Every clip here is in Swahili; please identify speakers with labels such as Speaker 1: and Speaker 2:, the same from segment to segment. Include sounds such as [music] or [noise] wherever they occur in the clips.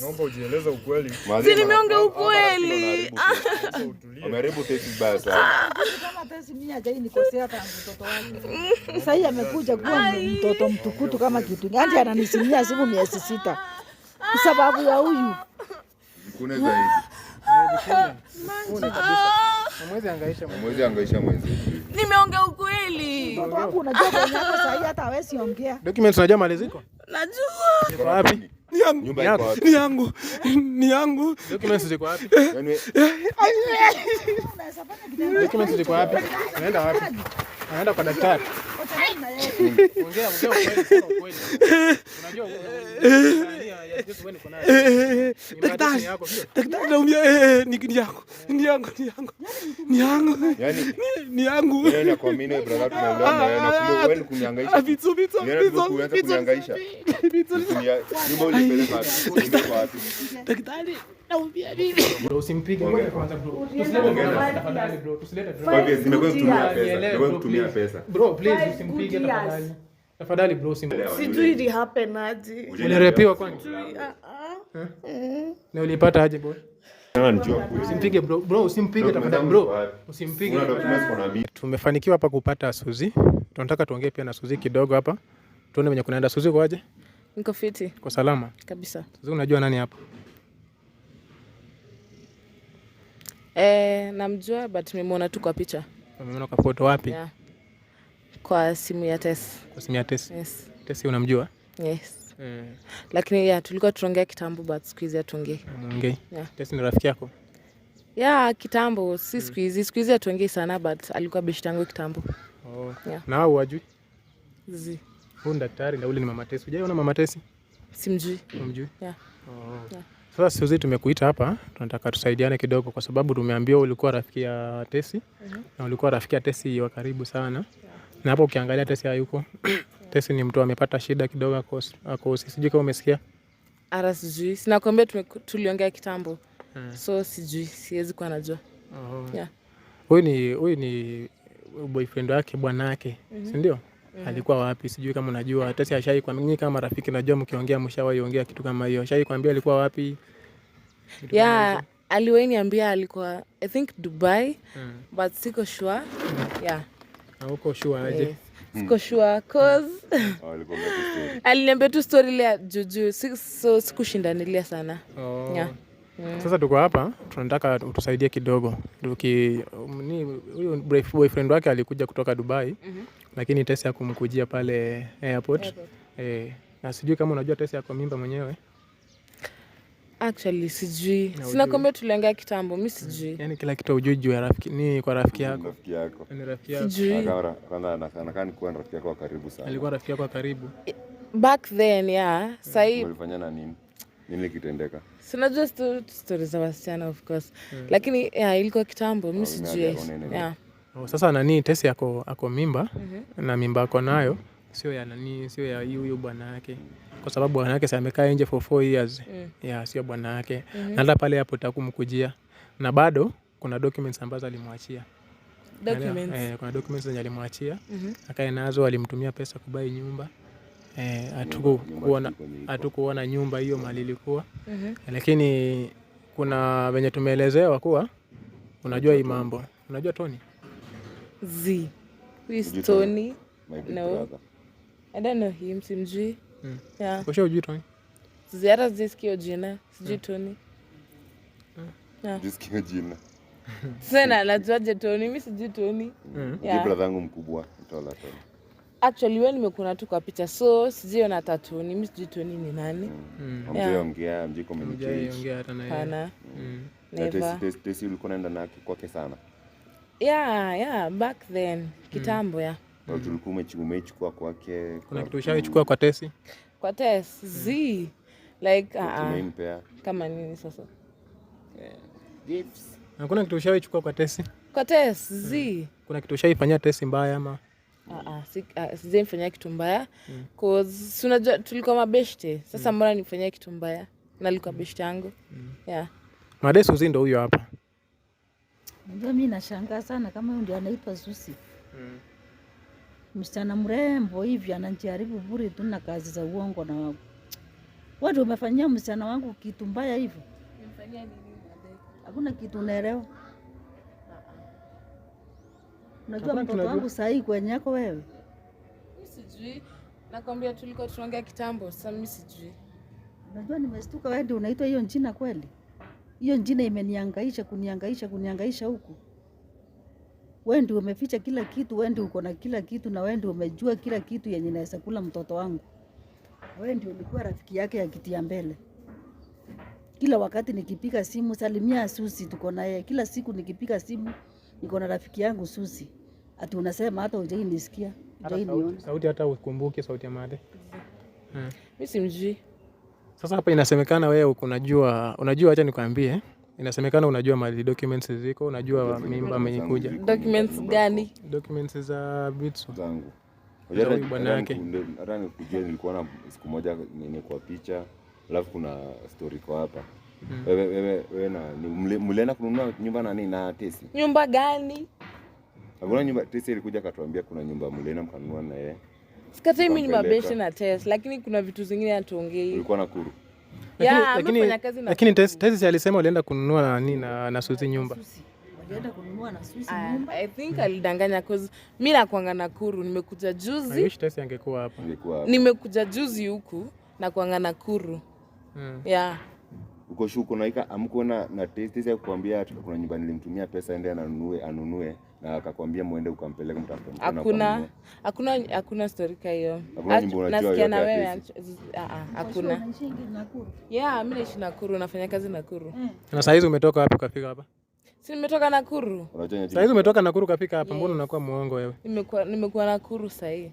Speaker 1: Naomba ujieleze ukweli.
Speaker 2: Si nimeonga ukweli.
Speaker 3: Ameharibu [laughs] keki mbaya
Speaker 4: sana. Kama pesa mimi haja nikosea hata mtoto wake. [laughs] Sasa hii amekuja kuwa mtoto mtukutu kama kitu. Yaani ananisimia siku miezi sita. Sababu ya huyu.
Speaker 3: Kuna zaidi.
Speaker 2: Kuna kabisa.
Speaker 1: Mwezi angaisha mwezi. Mwezi
Speaker 3: angaisha mwezi.
Speaker 2: Nimeongea ukweli.
Speaker 4: Mtoto wangu unajua kwa nini hata hawezi ongea.
Speaker 1: Documents unajua maliziko?
Speaker 2: Najua. Wapi?
Speaker 1: ni yangu, ni yangu. Documents ziko wapi? Eh. Yaani eh. Documents ziko wapi? Naenda wapi? Naenda kwa daktari. Daktari, naumia, ni yangu, ni yangu, ni yangu, ni yangu. Daktari kutumia ah, ah. eh. Tumefanikiwa hapa kupata suzi tunataka tuongee pia na suzi kidogo hapa, tuone venye kunaenda. suzi kwaje Niko fiti. salama kabisa. unajua nani hapa?
Speaker 2: Eh, namjua but nimeona tu kwa picha.
Speaker 1: Umeona kwa foto wapi?
Speaker 2: Kwa simu ya Tess.
Speaker 1: Kwa simu ya Tess. Yes. Tess unamjua?
Speaker 2: Yes. Mm. Lakini ya tulikuwa tunaongea kitambo but siku hizi hatuongei.
Speaker 1: Ongei. Yeah. Tess ni rafiki yako?
Speaker 2: Ya Yeah, kitambo si mm. siku hizi. Mm. Siku hizi hatuongei sana but alikuwa beshte yangu kitambo. Oh.
Speaker 1: Yeah. Na wewe wajui? Zi. Huyu daktari na ule ni mama Tess. Unajua mama Tess? Simjui. Simjui. Yeah. Oh. Yeah. Sasa Suzy tumekuita hapa, tunataka tusaidiane kidogo, kwa sababu tumeambiwa ulikuwa rafiki ya Tesi Mm -hmm. na ulikuwa rafiki ya Tesi wa karibu sana yeah. na hapo ukiangalia Tesi hayuko yeah. [clears throat] Tesi ni mtu amepata shida kidogo, ako sijui kama umesikia.
Speaker 2: Ara, sijui sina kuambia, tuliongea kitambo hmm. so sijui, siwezi kuwa najua Oh.
Speaker 1: Yeah. Huyu ni ni, ni boyfriend wake bwanake Mm -hmm. si ndio? mm. alikuwa wapi? Sijui kama unajua Tesi ashai kwa mimi kama rafiki, najua mkiongea mshawahi ongea kitu kama hiyo, ashai kwambia alikuwa wapi?
Speaker 2: Yeah, aliwahi niambia alikuwa I think Dubai mm. but siko sure mm. yeah.
Speaker 1: Hauko sure yeah. aje?
Speaker 2: Siko sure cause oh, [laughs] aliniambia tu story ile juju, so sikushindanilia sana oh. yeah.
Speaker 1: Mm. Sasa tuko hapa tunataka utusaidie kidogo. Um, huyu boyfriend wake alikuja kutoka Dubai. mm -hmm lakini Tesi hakumkujia pale airport, airport. Eh, na sijui kama unajua Tesi ako mimba mwenyewe
Speaker 2: Actually, sijui. Sina kombe tuliongea kitambo, mi sijui. Mm.
Speaker 1: yani kila kitu ujui juu ya rafiki ni kwa rafiki yako. Rafiki yako.
Speaker 2: Ni rafiki yako. Sijui. Kwanza
Speaker 3: anakaa ni kuwa rafiki yako wa karibu sana.
Speaker 1: Alikuwa rafiki yako wa karibu.
Speaker 2: Back then, yeah. Sasa hivi
Speaker 3: mlifanyana mm. nini? Nini kitendeka?
Speaker 2: Sina just stories za wasichana of course. Mm. Lakini yeah, ilikuwa kitambo, mi sijui. Yeah.
Speaker 1: Oh, sasa nani Tesi ako, ako mimba mm -hmm. na mimba ako nayo sio ya nani, sio ya huyu bwana yake, kwa sababu bwana yake si amekaa nje for four years mm. ya sio bwana yake mm -hmm. na hata pale hapo takumkujia na bado kuna documents ambazo alimwachia
Speaker 2: documents. Eh,
Speaker 1: kuna documents zenye alimwachia mm -hmm. akae nazo, alimtumia pesa kubai nyumba eh, hatukuona nyumba hiyo mali ilikuwa mm -hmm. lakini kuna venye tumeelezewa kuwa unajua hii mambo, unajua Tony mm-hmm.
Speaker 2: Z. Who is Tony? My big no. brother. I don't know him, simjui. Mm.
Speaker 1: Yeah. Washa ujui Tony?
Speaker 2: Ziara zisikio jina, sijui hmm. Tony.
Speaker 3: Mm. jina.
Speaker 2: Sena [laughs] anajuaje Tony? Mimi sijui Tony.
Speaker 3: Mm. Yeah. brother yangu mkubwa, mtola Tony.
Speaker 2: Actually wewe nimekuona tu kwa picha so sijui na tatu ni mimi sijui Tony ni nani.
Speaker 3: Mm. Yeah. Amjui ongea, amjui
Speaker 2: hata na yeye. Pana. Mm.
Speaker 3: Never. Tesi ulikuwa unaenda na kwake sana.
Speaker 2: Yeah, yeah, back then kitambo ya
Speaker 3: mm. tulikuwa umeichukua kwake.
Speaker 1: Kuna kitu ushaichukua mm. uh-uh. kwa Tesi?
Speaker 2: Kwa Tesi z like kama nini sasa?
Speaker 1: Kuna kitu ushaichukua kwa Tesi?
Speaker 2: Kwa Tesi z
Speaker 1: kuna kitu ushaifanyia Tesi mbaya ama?
Speaker 2: Uh-uh, uh, sijaifanyia kitu mbaya mm. cause unajua tulikuwa mabeshte. Sasa mbona nifanyia kitu mbaya? Nalikuwa beshte yangu. Yeah.
Speaker 1: Madesi uzindo huyo hapa
Speaker 4: Unajua mimi nashangaa sana kama huyu ndio anaitwa Susi. Mm. Msichana mrembo hivi ananijaribu bure tu na kazi za uongo na wao. Watu umefanyia msichana wangu kitu mbaya hivyo. Nimefanyia nini? Hakuna kitu unaelewa. Unajua mtoto wangu saa hii kwenye yako wewe.
Speaker 2: Mimi sijui. Nakwambia tulikuwa tunaongea kitambo, sasa mimi sijui.
Speaker 4: Unajua nimeshtuka wewe ndio unaitwa hiyo jina kweli? Hiyo njina imeniangaisha kuniangaisha kuniangaisha huku. Wewe ndio umeficha kila kitu, wewe ndio uko na kila kitu, na wewe ndio umejua kila kitu yenye naweza kula mtoto wangu. Wewe ndio ulikuwa rafiki yake ya kiti ya mbele. Kila wakati nikipiga simu, salimia Susi, tuko na yeye. Kila siku nikipiga simu, niko na rafiki yangu Susi. Ati unasema hata hujai nisikia, hujai
Speaker 1: niona. Sauti hata ukumbuke sauti ya Made. Mimi simjui. Sasa hapa inasemekana wewe unajua, unajua acha nikwambie, inasemekana unajua mali documents ziko, unajua mimba amekuja.
Speaker 2: Documents gani?
Speaker 1: Documents za Bitso zangu
Speaker 3: yaani bwana yaani yake. Hata nikujua nilikuwa na siku moja nini kwa picha, alafu kuna story kwa hapa mm. Wewe wewe wewe na mlienda kununua nyumba na nini na Tesi?
Speaker 2: Nyumba gani?
Speaker 3: Hakuna nyumba. Tesi ilikuja akatuambia kuna nyumba mlienda mkanunua na yeye
Speaker 2: Sikatai mimi ni mabeshi na test, lakini kuna vitu zingine hatuongei. Ulikuwa na kuru. Ya, lakini
Speaker 1: lakini test test alisema ulienda kununua na nini na na Suzi nyumba. Ulienda kununua
Speaker 2: na Suzi ah, nyumba? I think alidanganya cause mimi na kuanga na kuru, nimekuja juzi. I
Speaker 1: wish test angekuwa hapa.
Speaker 2: Nimekuja juzi huku hmm. na kuanga na kuru. Mm. Yeah
Speaker 3: uko shuko naika amkuona na test ya kukwambia kuna nyumba nilimtumia pesa ende anunue anunue na akakwambia muende ukampeleke mtafute mtu.
Speaker 2: Hakuna hakuna hakuna story ka hiyo. Nasikia na wewe ah, ah, hakuna. Yeah, mimi naishi Nakuru, nafanya kazi Nakuru. Mm.
Speaker 1: Na saa hizi umetoka wapi ukafika hapa?
Speaker 2: Si nimetoka Nakuru.
Speaker 1: Saa hizi umetoka Nakuru ukafika hapa, mbona unakuwa muongo wewe?
Speaker 2: Nimekuwa nimekuwa Nakuru saa hii.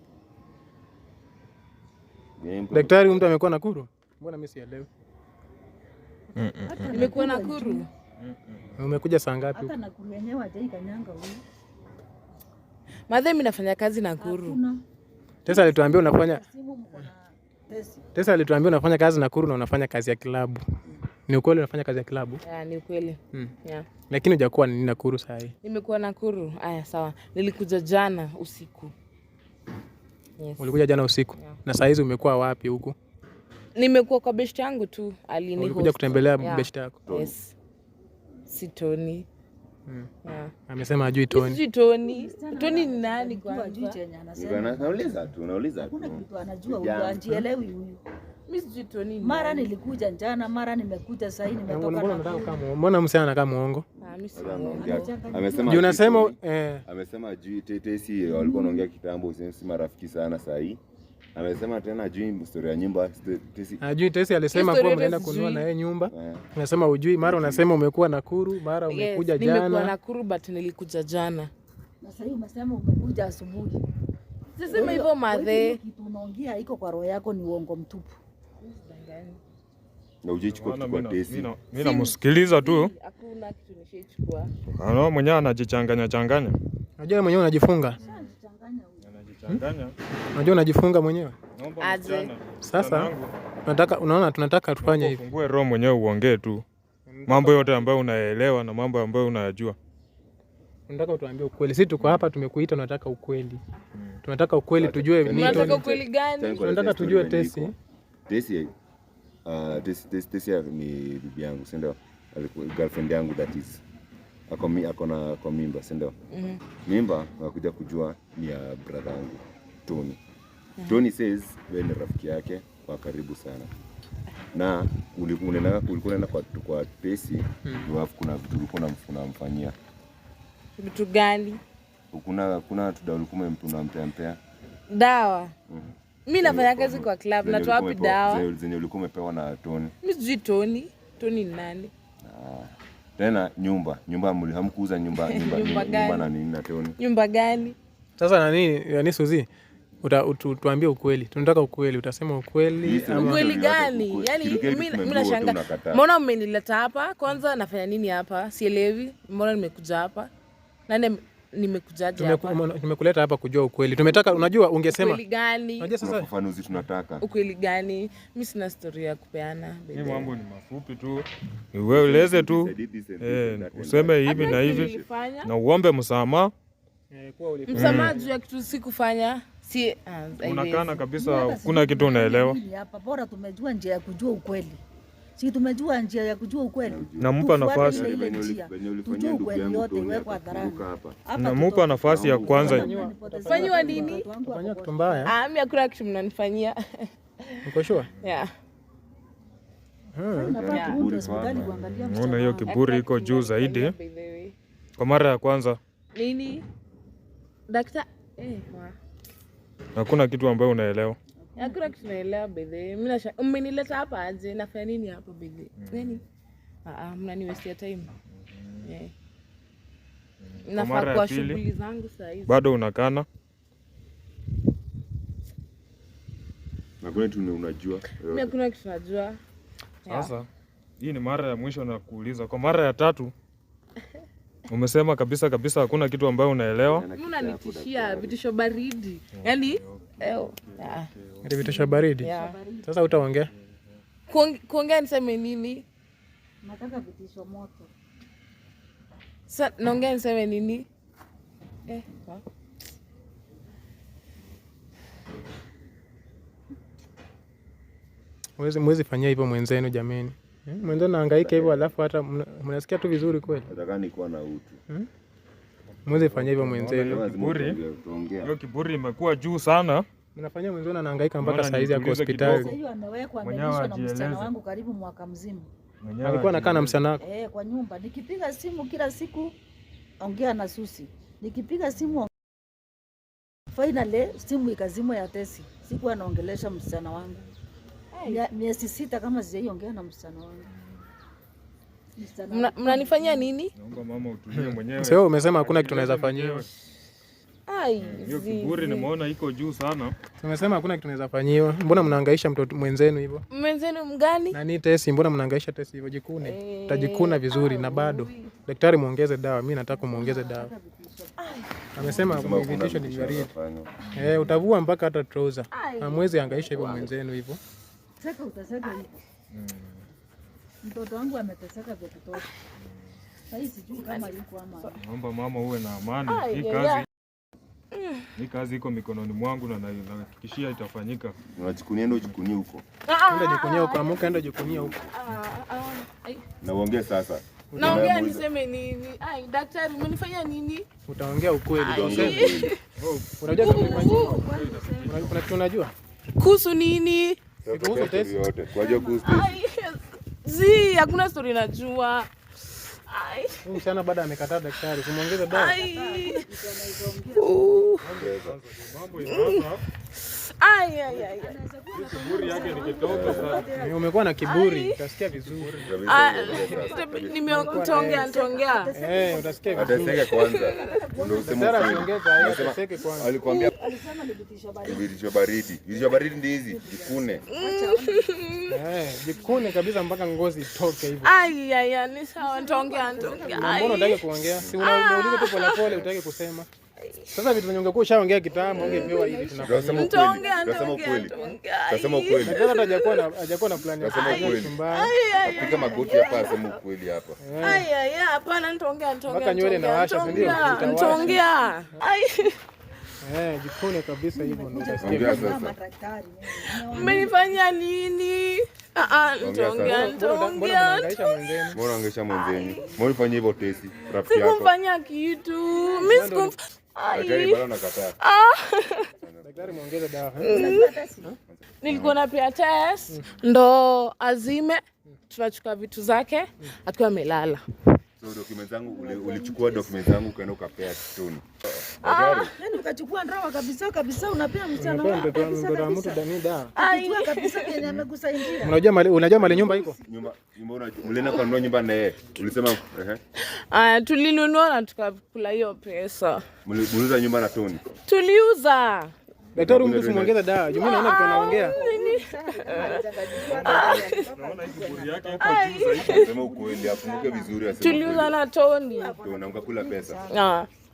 Speaker 1: Daktari, mtu amekuwa Nakuru? Mbona mimi sielewi.
Speaker 2: Nimekuwa Nakuru.
Speaker 1: Umekuja saa ngapi? Hata Nakuru yenyewe hajaikanyanga huyu.
Speaker 2: Madhe, mimi nafanya kazi Nakuru.
Speaker 1: Tesa alituambia unafanya Tesa alituambia unafanya kazi Nakuru na unafanya kazi ya kilabu. Ni ukweli unafanya kazi ya kilabu?
Speaker 2: Ya, ni ukweli. Hmm.
Speaker 1: Yeah. Lakini hujakuwa ni Nakuru saa hii.
Speaker 2: Nimekuwa Nakuru. Aya, sawa. Nilikuja jana usiku.
Speaker 1: Yes. Ulikuja jana usiku. Yeah. Na saa hizi umekuwa wapi huku?
Speaker 2: Nimekuwa kwa best yangu tu, alini.
Speaker 1: Ulikuja kutembelea yeah, best yako.
Speaker 2: Yes. Sitoni.
Speaker 1: Amesema ajui Toni. Sijui
Speaker 2: Toni. Toni ni nani Ajui chenye
Speaker 3: anasema. tu, tu. Kuna kitu anajua
Speaker 2: anjielewi Mimi sijui Toni.
Speaker 4: Mara nilikuja njana mara nimekuja sasa hivi
Speaker 1: nimetoka na. Mbona mbona anakaa muongo? Ah, amesema. Unasema eh.
Speaker 3: Amesema ajui tetesi walikuwa wanaongea kitambo, si marafiki sana sasa hivi. Amesema tena ajui historia ya nyumba. Tesi
Speaker 1: ajui. Tesi alisema kuwa mnaenda kununua na yeye nyumba, unasema eh. ujui, mara unasema umekuwa Nakuru, mara umekuja jana. Nimekuwa
Speaker 2: Nakuru but nilikuja jana,
Speaker 4: na sasa umesema umekuja asubuhi. Sisema hivyo madhe, kitu unaongea iko kwa roho yako ni uongo mtupu.
Speaker 5: Na ujui kwa tesi. Mimi namsikiliza tu, Hakuna kitu Ana mwenyewe anajichanganya changanya,
Speaker 1: najua mwenyewe unajifunga Unajua unajifunga mwenyewe. Aje. Sasa tunataka unaona, tunataka tufanye hivi.
Speaker 5: Fungue roho mwenyewe uongee tu mambo yote ambayo unaelewa na mambo ambayo unayajua.
Speaker 1: Unataka utuambie ukweli, sisi tuko hapa tumekuita, hmm. tunataka ukweli. Tunataka ukweli tujue
Speaker 2: nini. Tunataka ukweli gani?
Speaker 1: Tunataka tujue tesi.
Speaker 3: Tesi. Ah, tesi tesi ni bibi yangu, si ndio? Alikuwa girlfriend yangu that is ako mi, ako na kwa mimba si ndio? mm -hmm. Mimba nakuja kujua ni ya brother yangu Tony. mm -hmm. Tony says wewe ni rafiki yake wa karibu sana na ulikuwa unaenda kwa, kwa pesi mm. Kuna vitu ulikuwa unamfanyia
Speaker 2: vitu gani?
Speaker 3: Kuna kuna tuda mhm. ulikuwa unampeampea
Speaker 2: dawa mm. Mimi nafanya kazi kwa club, na wapi dawa
Speaker 3: zenye ulikuwa umepewa na Tony? Mimi
Speaker 2: sijui Tony, Tony nani? ah
Speaker 3: tena nyumba nyumba hamkuuza [laughs] nyumba
Speaker 2: nyumba, nyumba, na nini na toni nyumba gani
Speaker 1: sasa na nini yani Suzy tuambie ukweli, tunataka ukweli. Utasema ukweli ama
Speaker 2: ukweli gani? Yani mimi nashangaa, mbona mmenileta hapa kwanza? Nafanya nini hapa? Sielewi, mbona nimekuja hapa nani nimekujatumekuleta
Speaker 1: hapa? kujua ukweli. Tumetaka unajua, ungesema
Speaker 2: ukweli gani? Unajua
Speaker 3: sasa ufafanuzi tunataka
Speaker 2: ukweli gani? sina stori ya kupeana
Speaker 5: ni mambo ni mafupi tu, we uleze tu eh, useme hivi na hivi na uombe msamaha
Speaker 2: eh, msamaha mm. juu ya kitu sikufanya. Si ah,
Speaker 5: unakana kabisa, kuna kitu unaelewa
Speaker 4: hapa. Bora tumejua njia ya kujua ukweli. Si tumejua njia ya kujua ukweli.
Speaker 5: Nampa nafasi. Tujue ukweli yote kwa hadharani. Nampa nafasi ya kwanza.
Speaker 2: Fanyiwa nini? Fanyiwa kitu mbaya. Ah, mimi hakuna kitu mnanifanyia. Uko [laughs] sure? Yeah. Yaani
Speaker 5: Naona hiyo kiburi iko juu zaidi kwa mara ya kwanza.
Speaker 2: Nini? Daktari, eh,
Speaker 1: hakuna kitu ambayo unaelewa.
Speaker 2: Hakuna kitu naelewa bedhe. mmenileta hapa aje? Nafanya nini hapa bedhe? Yaani, ah, ah, mnaniwestia time. Mm-hmm.
Speaker 1: Mm-hmm. Nafaa kwa shughuli zangu saa hizi. Bado unakana?
Speaker 3: Hakuna kitu
Speaker 2: najua.
Speaker 5: Sasa hii ni mara ya mwisho na kuuliza. Kwa mara ya tatu [laughs] umesema kabisa kabisa hakuna kitu ambayo unaelewa.
Speaker 2: Mimi vitisho baridi. Mm. Yaani mm. Eh,
Speaker 1: Kitu ah. cha baridi sasa, utaongea
Speaker 2: kuongea, niseme nini?
Speaker 4: Nataka vitisho moto.
Speaker 2: Sa naongea niseme nini? Eh,
Speaker 1: mwezi mwezi fanyia hivyo mwenzenu jameni, hmm? mwenzenu naangaika hivyo, alafu hata mnasikia tu vizuri kweli.
Speaker 3: Nataka nikuwa na utu hmm?
Speaker 1: Mweze fanya hivyo mwenzenu. Kiburi.
Speaker 5: Hiyo kiburi imekuwa juu sana.
Speaker 1: Mnafanyia mwenzenu anahangaika mpaka saa hizi ako hospitali.
Speaker 4: Sasa hiyo amewekwa amelishwa na msichana wangu karibu mwaka mzima.
Speaker 1: Alikuwa anakaa na msichana wako.
Speaker 4: Eh, kwa nyumba. Nikipiga simu kila siku ongea na Susi. Nikipiga simu finally simu ikazimwa ya Tesi. Sikuwa anaongelesha msichana wangu. Miezi sita kama sijaiongea na msichana wangu
Speaker 2: mnanifanyia nini?
Speaker 1: Sio umesema hakuna kitu naweza fanyiwa? Umesema hakuna kitu naweza fanyiwa, mbona mnahangaisha mtoto mwenzenu hivyo?
Speaker 2: Mwenzenu mgani?
Speaker 1: Nani? Tesi. Mbona mnahangaisha Tesi hivyo? Jikune, eh. tajikuna vizuri na ah, bado daktari, muongeze dawa. Mi nataka muongeze dawa. Amesema vitisho ni baridi. Eh, utavua mpaka hata trouser. Hamwezi hangaisha hivyo mwenzenu hivyo.
Speaker 4: Mtoto wangu ameteseka vya kutosha. Sasa sijui kama yaani- yuko ama.
Speaker 5: Naomba mama uwe na amani. Hii kazi hii kazi iko mikononi mwangu na nahakikishia itafanyika.
Speaker 3: Unachukunia ndio jukunia huko.
Speaker 1: Ndio jukunia huko, amuka ndio jukunia huko.
Speaker 3: Na uongee sasa.
Speaker 2: Naongea niseme nini? Ai, daktari umenifanyia nini?
Speaker 1: Utaongea ukweli. ndio sasa. Unajua kama unajua?
Speaker 2: Kuhusu nini?
Speaker 3: Kuhusu tesi. Kwa hiyo kuhusu tesi.
Speaker 2: Zi, hakuna story najua.
Speaker 1: Msichana baada amekataa daktari kumwongeza dawa. Umekuwa na kiburi, utasikia vizuri. Ah, eh, utasikia
Speaker 3: vizuri. Eh, alikwambia baridi. baridi ndio hizi, jikune.
Speaker 1: Eh, jikune kabisa mpaka ngozi itoke hivyo.
Speaker 2: ni sawa Mbona
Speaker 1: unataka kuongea? Si unauliza tu polepole, utaki kusema. Sasa vitu venye ungekuwa ushaongea kitamu ungepewa
Speaker 3: hivi tunasema kweli. Tunasema kweli. Tunasema kweli. Sasa
Speaker 1: hajakuwa na hajakuwa na plan ya
Speaker 3: kusema kweli. Piga magoti hapa asema kweli hapa.
Speaker 2: Eh. Ai ai hapana nitaongea nitaongea. Mpaka
Speaker 1: nywele na washa ndio
Speaker 2: nitaongea. Ai.
Speaker 1: Eh, jikone kabisa hivyo ndio utasikia sasa.
Speaker 2: Mmenifanya nini? Ah ah, nitaongea nitaongea.
Speaker 3: Mbona ungesha mwenzeni? Mbona unafanya hivyo tesi?
Speaker 2: Rafiki yako. Sikumfanyia kitu. Mimi sikumfanya Ah. nilikuwa na pia test mm. ndo azime, tunachukua vitu zake akiwa amelala.
Speaker 3: So document zangu ulichukua document zangu ukaenda ukapea kituni.
Speaker 4: Ah, yaani ukachukua ndoa kabisa kabisa unapea msichana
Speaker 1: wako kabisa mtu Danida.
Speaker 4: Ah, unajua kabisa yeye amegusa injili.
Speaker 1: Unajua mali unajua mali nyumba iko? Nyumba
Speaker 3: nyumba unajimuliana kwa nyumba na yeye. Ulisema eh.
Speaker 2: Ah, tulinunua na tukakula hiyo pesa.
Speaker 3: Mliuza nyumba na Tony.
Speaker 2: Tuliuza.
Speaker 1: Daktari mtu simuongeza dawa. Jumani naona mtu anaongea. Ah,
Speaker 2: Tuliuza na Tony.
Speaker 3: Ndio unamkakula pesa. Ah.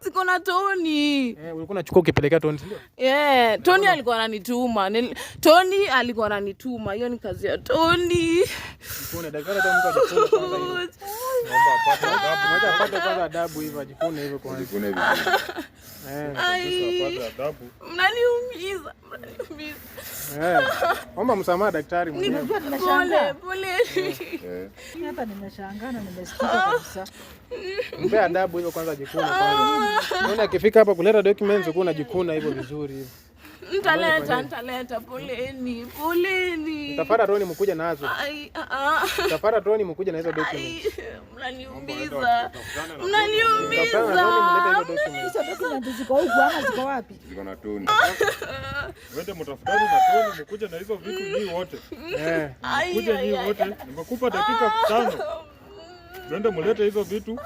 Speaker 2: Siko na Toni. Eh,
Speaker 1: ulikuwa unachukua ukipelekea Toni,
Speaker 2: ndio? Toni alikuwa ananituma. Toni alikuwa ananituma. Hiyo ni kazi ya Toni. Kuna daktari Naomba apate
Speaker 1: adabu. apate kwanza adabu hivi ajifune hivi hivi. Eh,
Speaker 2: apate adabu. Mnaniu mnaniumiza, mnaniumiza.
Speaker 1: Eh, omba msamaha daktari
Speaker 2: mwenyewe.
Speaker 4: Hapa nimeshangaa na nimesikia ah. kabisa.
Speaker 1: Mpe adabu hivyo kwanza, jikuna kwanza. Mbona akifika hapa kuleta documents uko unajikuna hivyo vizuri hivyo.
Speaker 2: Mtaleta, mtaleta. Poleni, poleni.
Speaker 1: Mtapata droni mkuja nazo. Ah, ah. Mtapata droni mkuja na hizo documents.
Speaker 2: Mnaniumiza, mnaniumiza. Mnaniumiza
Speaker 4: documents ziko huku ama ziko wapi?
Speaker 3: Ziko na tuni. Ah.
Speaker 1: Wende mtafutani na droni mkuja na hizo vitu nyinyi wote. Eh. Mkuja nyinyi wote. Nimekupa dakika 5. Wende mlete hizo vitu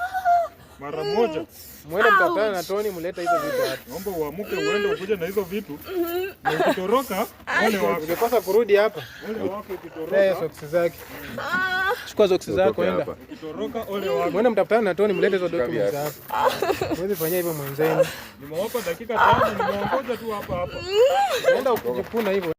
Speaker 1: mara moja. Mm. Mwende mkatana na Tony, mleta hizo vitu. Naomba uamuke uende ukuje na hizo vitu. Mm-hmm. Na ukitoroka wale wako. Ungekosa kurudi hapa. Wale wako ukitoroka. Eh, soksi zake. Ah. Chukua soksi zako enda. Ukitoroka wale wako. Mwende mtafutana na Tony, mlete hizo documents hapa. Mwezi fanya hivyo mwanzeni. Nimewapa dakika 5, nimeongoja tu hapa hapa. Nenda ukijipuna hivyo.